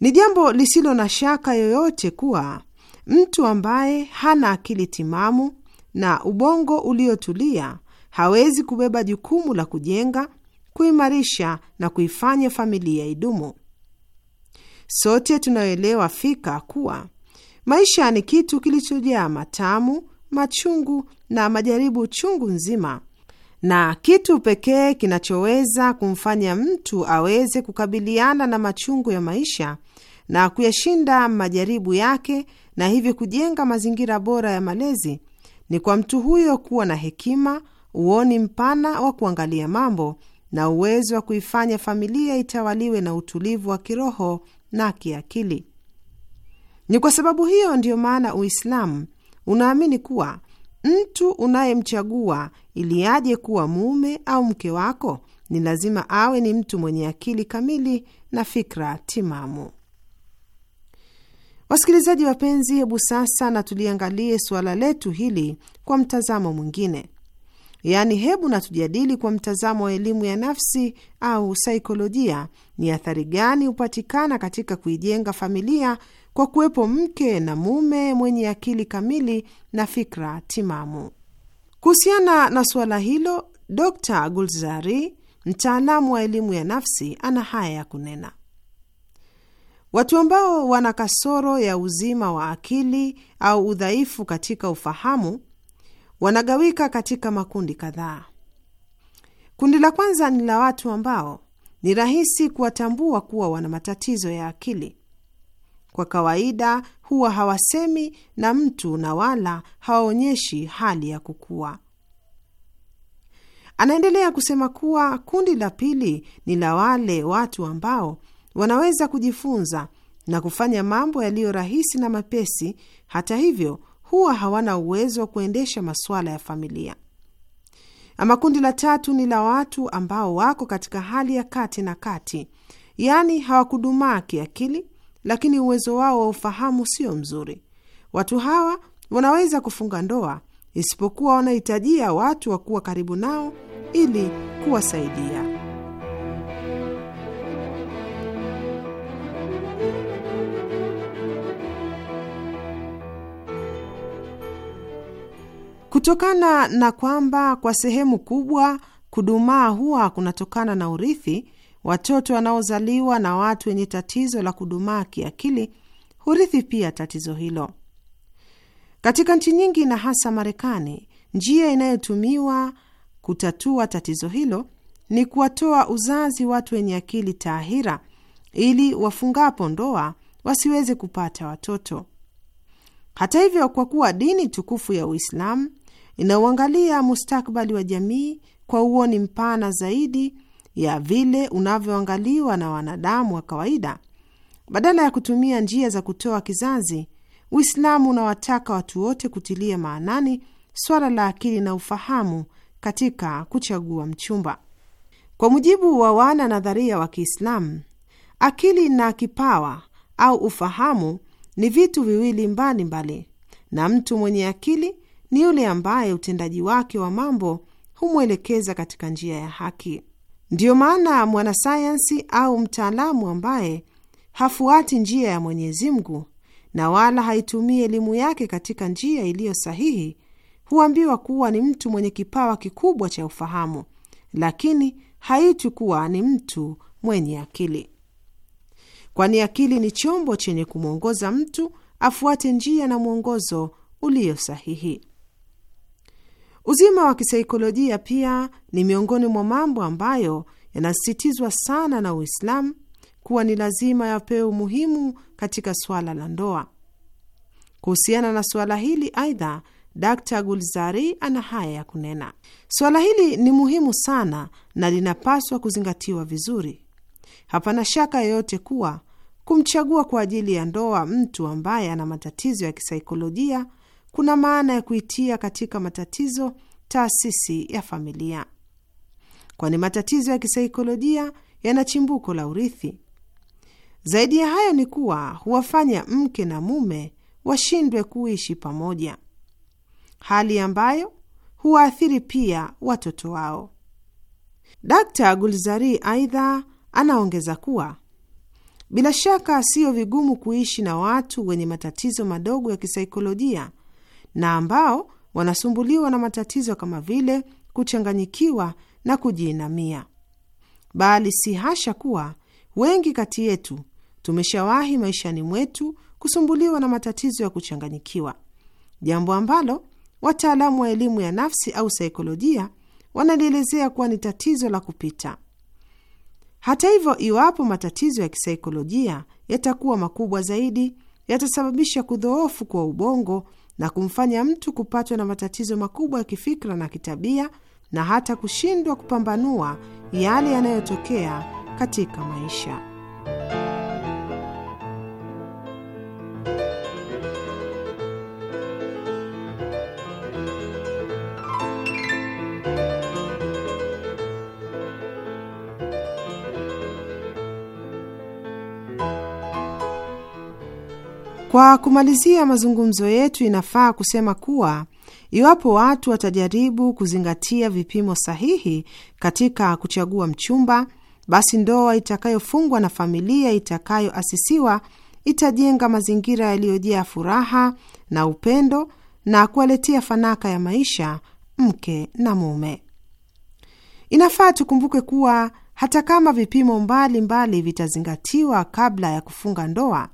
Ni jambo lisilo na shaka yoyote kuwa mtu ambaye hana akili timamu na ubongo uliotulia hawezi kubeba jukumu la kujenga, kuimarisha na kuifanya familia idumu. Sote tunaelewa fika kuwa maisha ni kitu kilichojaa matamu, machungu na majaribu chungu nzima na kitu pekee kinachoweza kumfanya mtu aweze kukabiliana na machungu ya maisha na kuyashinda majaribu yake na hivyo kujenga mazingira bora ya malezi ni kwa mtu huyo kuwa na hekima, uoni mpana wa kuangalia mambo na uwezo wa kuifanya familia itawaliwe na utulivu wa kiroho na kiakili. Ni kwa sababu hiyo ndiyo maana Uislamu unaamini kuwa Mtu unayemchagua ili aje kuwa mume au mke wako ni lazima awe ni mtu mwenye akili kamili na fikra timamu. Wasikilizaji wapenzi, hebu sasa na tuliangalie suala letu hili kwa mtazamo mwingine, yaani hebu na tujadili kwa mtazamo wa elimu ya nafsi au saikolojia, ni athari gani hupatikana katika kuijenga familia kwa kuwepo mke na mume mwenye akili kamili na fikra timamu. Kuhusiana na suala hilo, Dr Gulzari, mtaalamu wa elimu ya nafsi, ana haya ya kunena: watu ambao wana kasoro ya uzima wa akili au udhaifu katika ufahamu wanagawika katika makundi kadhaa. Kundi la kwanza ni la watu ambao ni rahisi kuwatambua kuwa wana matatizo ya akili kwa kawaida huwa hawasemi na mtu na wala hawaonyeshi hali ya kukua. Anaendelea kusema kuwa kundi la pili ni la wale watu ambao wanaweza kujifunza na kufanya mambo yaliyo rahisi na mapesi. Hata hivyo, huwa hawana uwezo wa kuendesha masuala ya familia. Ama kundi la tatu ni la watu ambao wako katika hali ya kati na kati, yaani hawakudumaa kiakili lakini uwezo wao wa ufahamu sio mzuri. Watu hawa wanaweza kufunga ndoa, isipokuwa wanahitajia watu wa kuwa karibu nao ili kuwasaidia. Kutokana na kwamba kwa sehemu kubwa kudumaa huwa kunatokana na urithi, Watoto wanaozaliwa na watu wenye tatizo la kudumaa kiakili hurithi pia tatizo hilo. Katika nchi nyingi na hasa Marekani, njia inayotumiwa kutatua tatizo hilo ni kuwatoa uzazi watu wenye akili taahira ili wafungapo ndoa wasiweze kupata watoto. Hata hivyo, kwa kuwa dini tukufu ya Uislamu inauangalia mustakbali wa jamii kwa uoni mpana zaidi ya vile unavyoangaliwa na wanadamu wa kawaida. Badala ya kutumia njia za kutoa kizazi, Uislamu unawataka watu wote kutilia maanani swala la akili na ufahamu katika kuchagua mchumba. Kwa mujibu wa wana nadharia wa Kiislamu, akili na kipawa au ufahamu ni vitu viwili mbalimbali mbali, na mtu mwenye akili ni yule ambaye utendaji wake wa mambo humwelekeza katika njia ya haki. Ndiyo maana mwanasayansi au mtaalamu ambaye hafuati njia ya Mwenyezi Mungu na wala haitumii elimu yake katika njia iliyo sahihi huambiwa kuwa ni mtu mwenye kipawa kikubwa cha ufahamu, lakini haitwi kuwa ni mtu mwenye akili, kwani akili ni chombo chenye kumwongoza mtu afuate njia na mwongozo ulio sahihi. Uzima wa kisaikolojia pia ni miongoni mwa mambo ambayo yanasisitizwa sana na Uislamu kuwa ni lazima yapewe umuhimu katika swala la ndoa. Kuhusiana na suala hili, aidha, Dr Gulzari ana haya ya kunena: suala hili ni muhimu sana na linapaswa kuzingatiwa vizuri. Hapana shaka yoyote kuwa kumchagua kwa ajili ya ndoa mtu ambaye ana matatizo ya kisaikolojia kuna maana ya kuitia katika matatizo taasisi ya familia, kwani matatizo ya kisaikolojia yana chimbuko la urithi. Zaidi ya hayo ni kuwa huwafanya mke na mume washindwe kuishi pamoja, hali ambayo huwaathiri pia watoto wao. Dkt. Gulzari aidha anaongeza kuwa bila shaka siyo vigumu kuishi na watu wenye matatizo madogo ya kisaikolojia na ambao wanasumbuliwa na matatizo kama vile kuchanganyikiwa na kujiinamia, bali si hasha kuwa wengi kati yetu tumeshawahi maishani mwetu kusumbuliwa na matatizo ya kuchanganyikiwa, jambo ambalo wataalamu wa elimu ya nafsi au saikolojia wanalielezea kuwa ni tatizo la kupita. Hata hivyo, iwapo matatizo ya kisaikolojia yatakuwa makubwa zaidi, yatasababisha kudhoofu kwa ubongo na kumfanya mtu kupatwa na matatizo makubwa ya kifikra na kitabia na hata kushindwa kupambanua yale yanayotokea katika maisha. Kwa kumalizia mazungumzo yetu, inafaa kusema kuwa iwapo watu watajaribu kuzingatia vipimo sahihi katika kuchagua mchumba, basi ndoa itakayofungwa na familia itakayoasisiwa itajenga mazingira yaliyojaa furaha na upendo na kuwaletea fanaka ya maisha mke na mume. Inafaa tukumbuke kuwa hata kama vipimo mbalimbali mbali vitazingatiwa kabla ya kufunga ndoa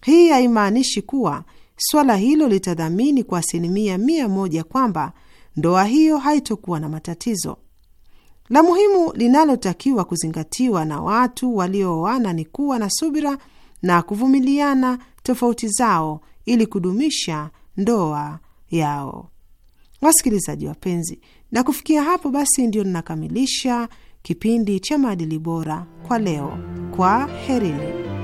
hii haimaanishi kuwa swala hilo litadhamini kwa asilimia mia moja kwamba ndoa hiyo haitokuwa na matatizo. La muhimu linalotakiwa kuzingatiwa na watu waliooana ni kuwa na subira na kuvumiliana tofauti zao ili kudumisha ndoa yao. Wasikilizaji wapenzi, na kufikia hapo basi ndio ninakamilisha kipindi cha maadili bora kwa leo. Kwa herini.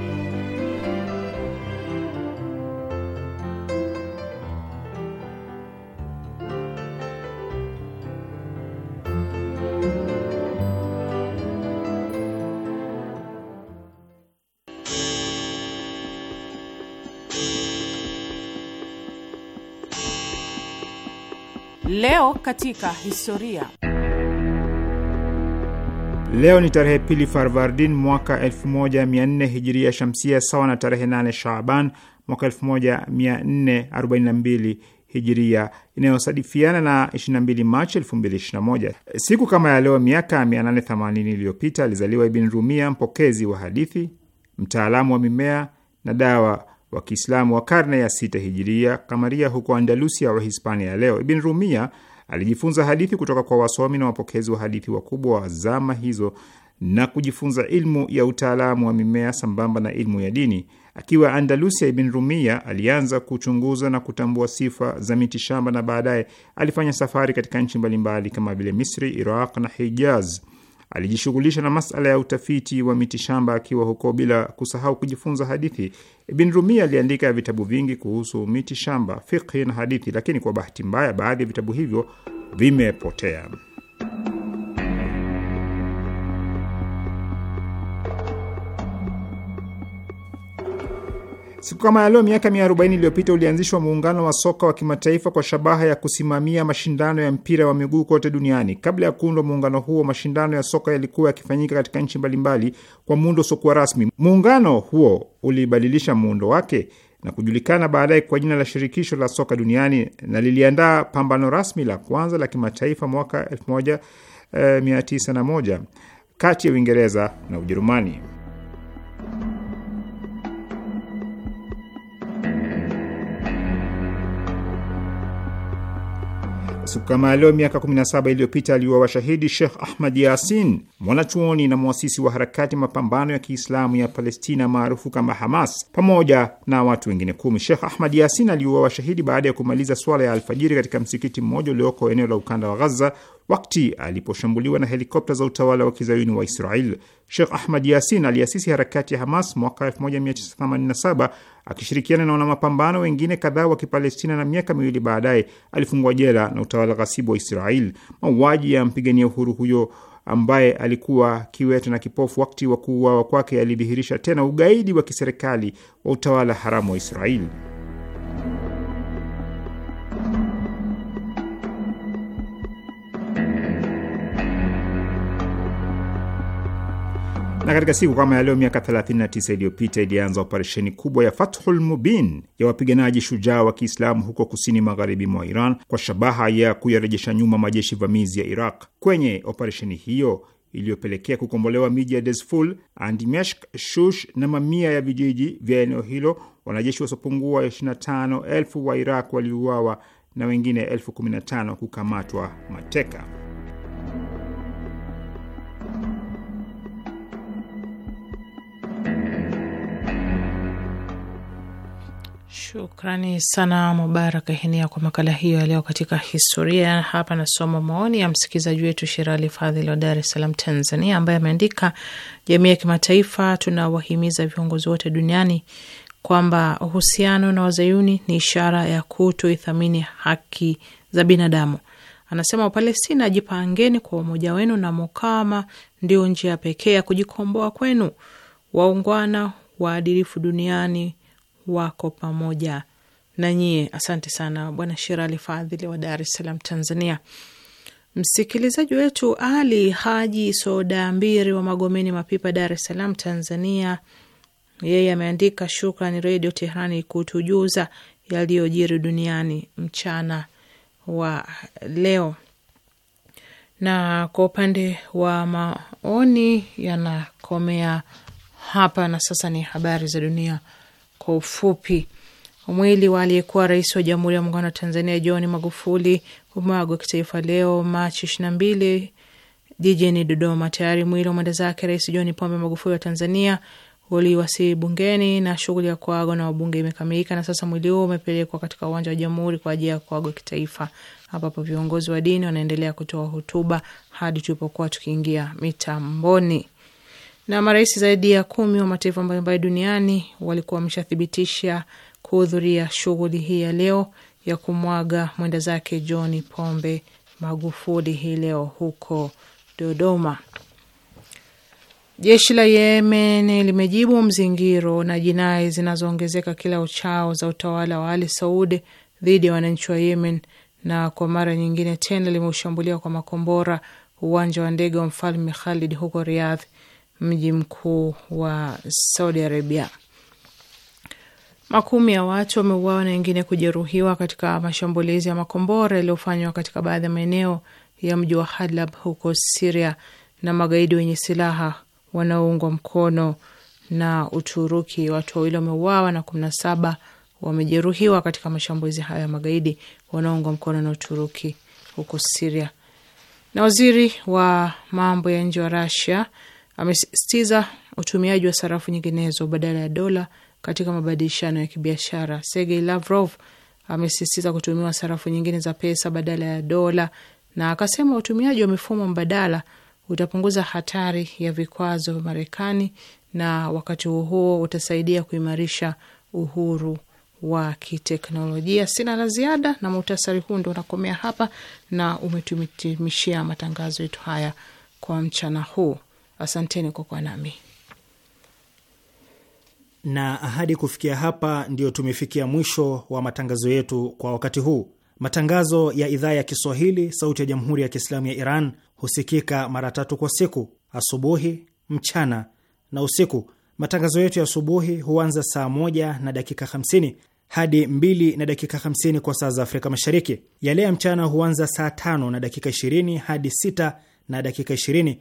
Leo katika historia. Leo ni tarehe pili Farvardin mwaka 14 hijiria shamsia, sawa na tarehe 8 Shaaban mwaka 1442 hijiria inayosadifiana na 22 Machi 2021. Siku kama ya leo miaka 880 iliyopita alizaliwa Ibn Rumia, mpokezi wa hadithi, mtaalamu wa mimea na dawa wa Kiislamu wa karne ya sita hijiria kamaria huko Andalusia wa Hispania ya leo. Ibn Rumia alijifunza hadithi kutoka kwa wasomi na wapokezi wa hadithi wakubwa wa zama hizo na kujifunza ilmu ya utaalamu wa mimea sambamba na ilmu ya dini. Akiwa Andalusia, Ibn Rumia alianza kuchunguza na kutambua sifa za miti shamba na baadaye alifanya safari katika nchi mbalimbali kama vile Misri, Iraq na Hijaz. Alijishughulisha na masala ya utafiti wa mitishamba akiwa huko, bila kusahau kujifunza hadithi. Ibn Rumi aliandika vitabu vingi kuhusu mitishamba, fiqhi na hadithi, lakini kwa bahati mbaya baadhi ya vitabu hivyo vimepotea. Siku kama ya leo miaka 140 iliyopita ulianzishwa muungano wa soka wa kimataifa kwa shabaha ya kusimamia mashindano ya mpira wa miguu kote duniani. Kabla ya kuundwa muungano huo, mashindano ya soka yalikuwa yakifanyika katika nchi mbalimbali kwa muundo usiokuwa rasmi. Muungano huo ulibadilisha muundo wake na kujulikana baadaye kwa jina la Shirikisho la Soka Duniani, na liliandaa pambano rasmi la kwanza la kimataifa mwaka 1901 eh, kati ya Uingereza na Ujerumani. Siku kama leo miaka 17 iliyopita aliuawa washahidi Sheikh Ahmad Yasin, mwanachuoni na mwasisi wa harakati mapambano ya Kiislamu ya Palestina maarufu kama Hamas, pamoja na watu wengine kumi. Sheikh Ahmad Yasin aliuawa washahidi baada ya kumaliza swala ya alfajiri katika msikiti mmoja ulioko eneo la ukanda wa Ghaza Wakati aliposhambuliwa na helikopta za utawala wa kizayuni wa Israel, Sheikh Ahmad Yasin aliasisi harakati ya Hamas mwaka 1987 akishirikiana na wanamapambano wengine kadhaa wa Kipalestina, na miaka miwili baadaye alifungwa jela na utawala ghasibu wa Israel. Mauaji ya mpigania uhuru huyo ambaye alikuwa kiwete na kipofu wakati wa kuuawa kwake alidhihirisha tena ugaidi wa kiserikali wa utawala haramu wa Israeli. Na katika siku kama ya leo miaka 39 iliyopita ilianza operesheni kubwa ya Fathul Mubin ya wapiganaji shujaa wa Kiislamu huko kusini magharibi mwa Iran kwa shabaha ya kuyarejesha nyuma majeshi vamizi ya Iraq. Kwenye operesheni hiyo iliyopelekea kukombolewa miji ya Desful, Andimeshk, Shush na mamia ya vijiji vya eneo hilo, wanajeshi wasiopungua 25,000 wa Iraq waliuawa na wengine 15,000 kukamatwa mateka. Shukrani sana Mubaraka Henia kwa makala hiyo ya leo katika historia. Hapa nasoma maoni ya msikilizaji wetu Sherali Fadhili wa Dar es Salaam, Tanzania, ambaye ameandika: jamii ya kimataifa, tunawahimiza viongozi wote duniani kwamba uhusiano na wazayuni ni ishara ya kutoithamini haki za binadamu. Anasema Wapalestina, jipangeni kwa umoja wenu na mukama ndio njia pekee ya kujikomboa kwenu. Waungwana waadilifu duniani wako pamoja na nyie. Asante sana Bwana Shirali Fadhili wa Dar es Salaam, Tanzania. Msikilizaji wetu Ali Haji Soda Mbiri wa Magomeni Mapipa, Dar es Salaam, Tanzania, yeye ameandika shukrani Redio Teherani kutujuza yaliyojiri duniani mchana wa leo. Na kwa upande wa maoni yanakomea hapa, na sasa ni habari za dunia kwa ufupi. Mwili wa aliyekuwa rais wa Jamhuri ya Muungano wa Tanzania John Magufuli umeagwa kitaifa leo Machi ishirini na mbili jijini Dodoma. Tayari mwili wa mwenda zake Rais John Pombe Magufuli wa Tanzania uliwasili bungeni na shughuli ya kuagwa na wabunge imekamilika, na sasa mwili huo umepelekwa katika uwanja wa Jamhuri kwa ajili ya kuagwa kitaifa, ambapo viongozi wa dini wanaendelea kutoa hotuba hadi tulipokuwa tukiingia mitamboni. Na marais zaidi ya kumi wa mataifa mbalimbali duniani walikuwa wameshathibitisha kuhudhuria shughuli hii ya leo ya kumwaga mwenda zake John Pombe Magufuli hii leo huko Dodoma. Jeshi la Yemen limejibu mzingiro na jinai zinazoongezeka kila uchao za utawala wa Ali Saud dhidi ya wananchi wa Yemen, na kwa mara nyingine tena limeushambulia kwa makombora uwanja wa ndege wa mfalme Khalid huko Riadhi mji mkuu wa Saudi Arabia. Makumi ya watu wameuawa na wengine kujeruhiwa katika mashambulizi ya makombora yaliyofanywa katika baadhi ya maeneo ya mji wa Halab huko Siria na magaidi wenye silaha wanaoungwa mkono na Uturuki. Watu wawili wameuawa na kumi na saba wamejeruhiwa katika mashambulizi hayo ya magaidi wanaoungwa mkono na Uturuki huko Siria. Na waziri wa mambo ya nje wa Rasia amesisitiza utumiaji wa sarafu nyinginezo badala ya dola katika mabadilishano ya kibiashara. Sergey Lavrov amesisitiza kutumiwa sarafu nyingine za pesa badala ya dola, na akasema utumiaji wa mifumo mbadala utapunguza hatari ya vikwazo vya Marekani na wakati huo huo utasaidia kuimarisha uhuru wa kiteknolojia. Sina la ziada, na muhtasari huu ndo unakomea hapa na umetumitimishia matangazo yetu haya kwa mchana huu. Asanteni kwa kuwa nami na ahadi. Kufikia hapa, ndiyo tumefikia mwisho wa matangazo yetu kwa wakati huu. Matangazo ya idhaa ya Kiswahili, Sauti ya Jamhuri ya Kiislamu ya Iran husikika mara tatu kwa siku: asubuhi, mchana na usiku. Matangazo yetu ya asubuhi huanza saa moja na dakika hamsini hadi 2 na dakika hamsini kwa saa za Afrika Mashariki. Yale ya mchana huanza saa tano na dakika ishirini hadi sita na dakika ishirini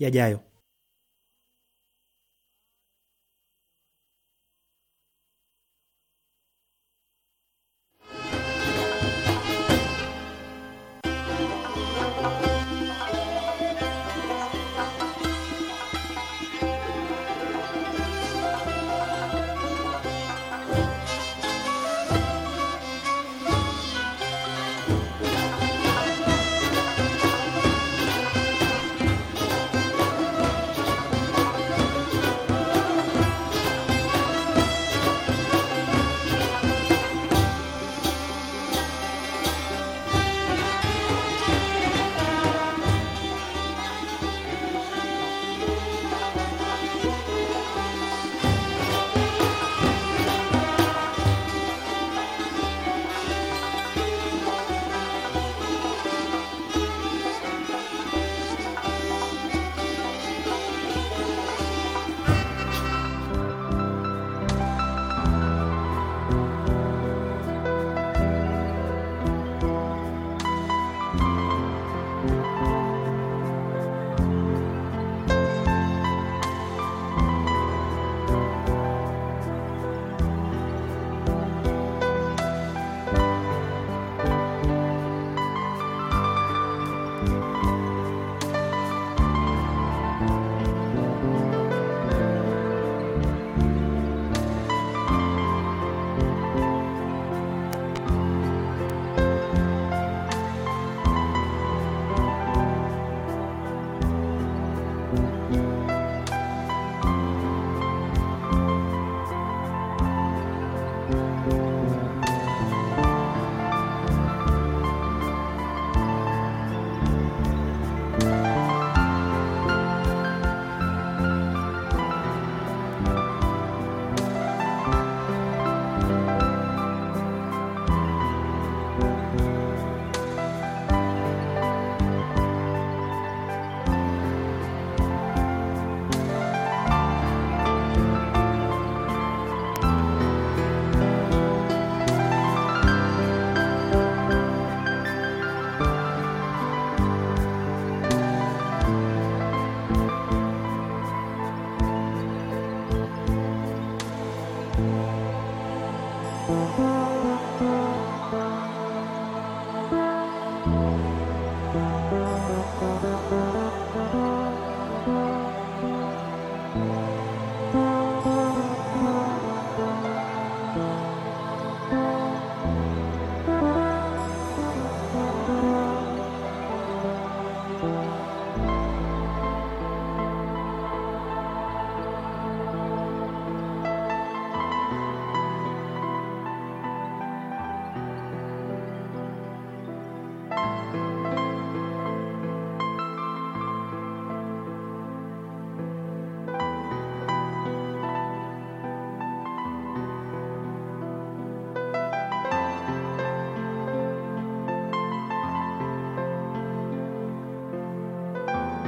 yajayo.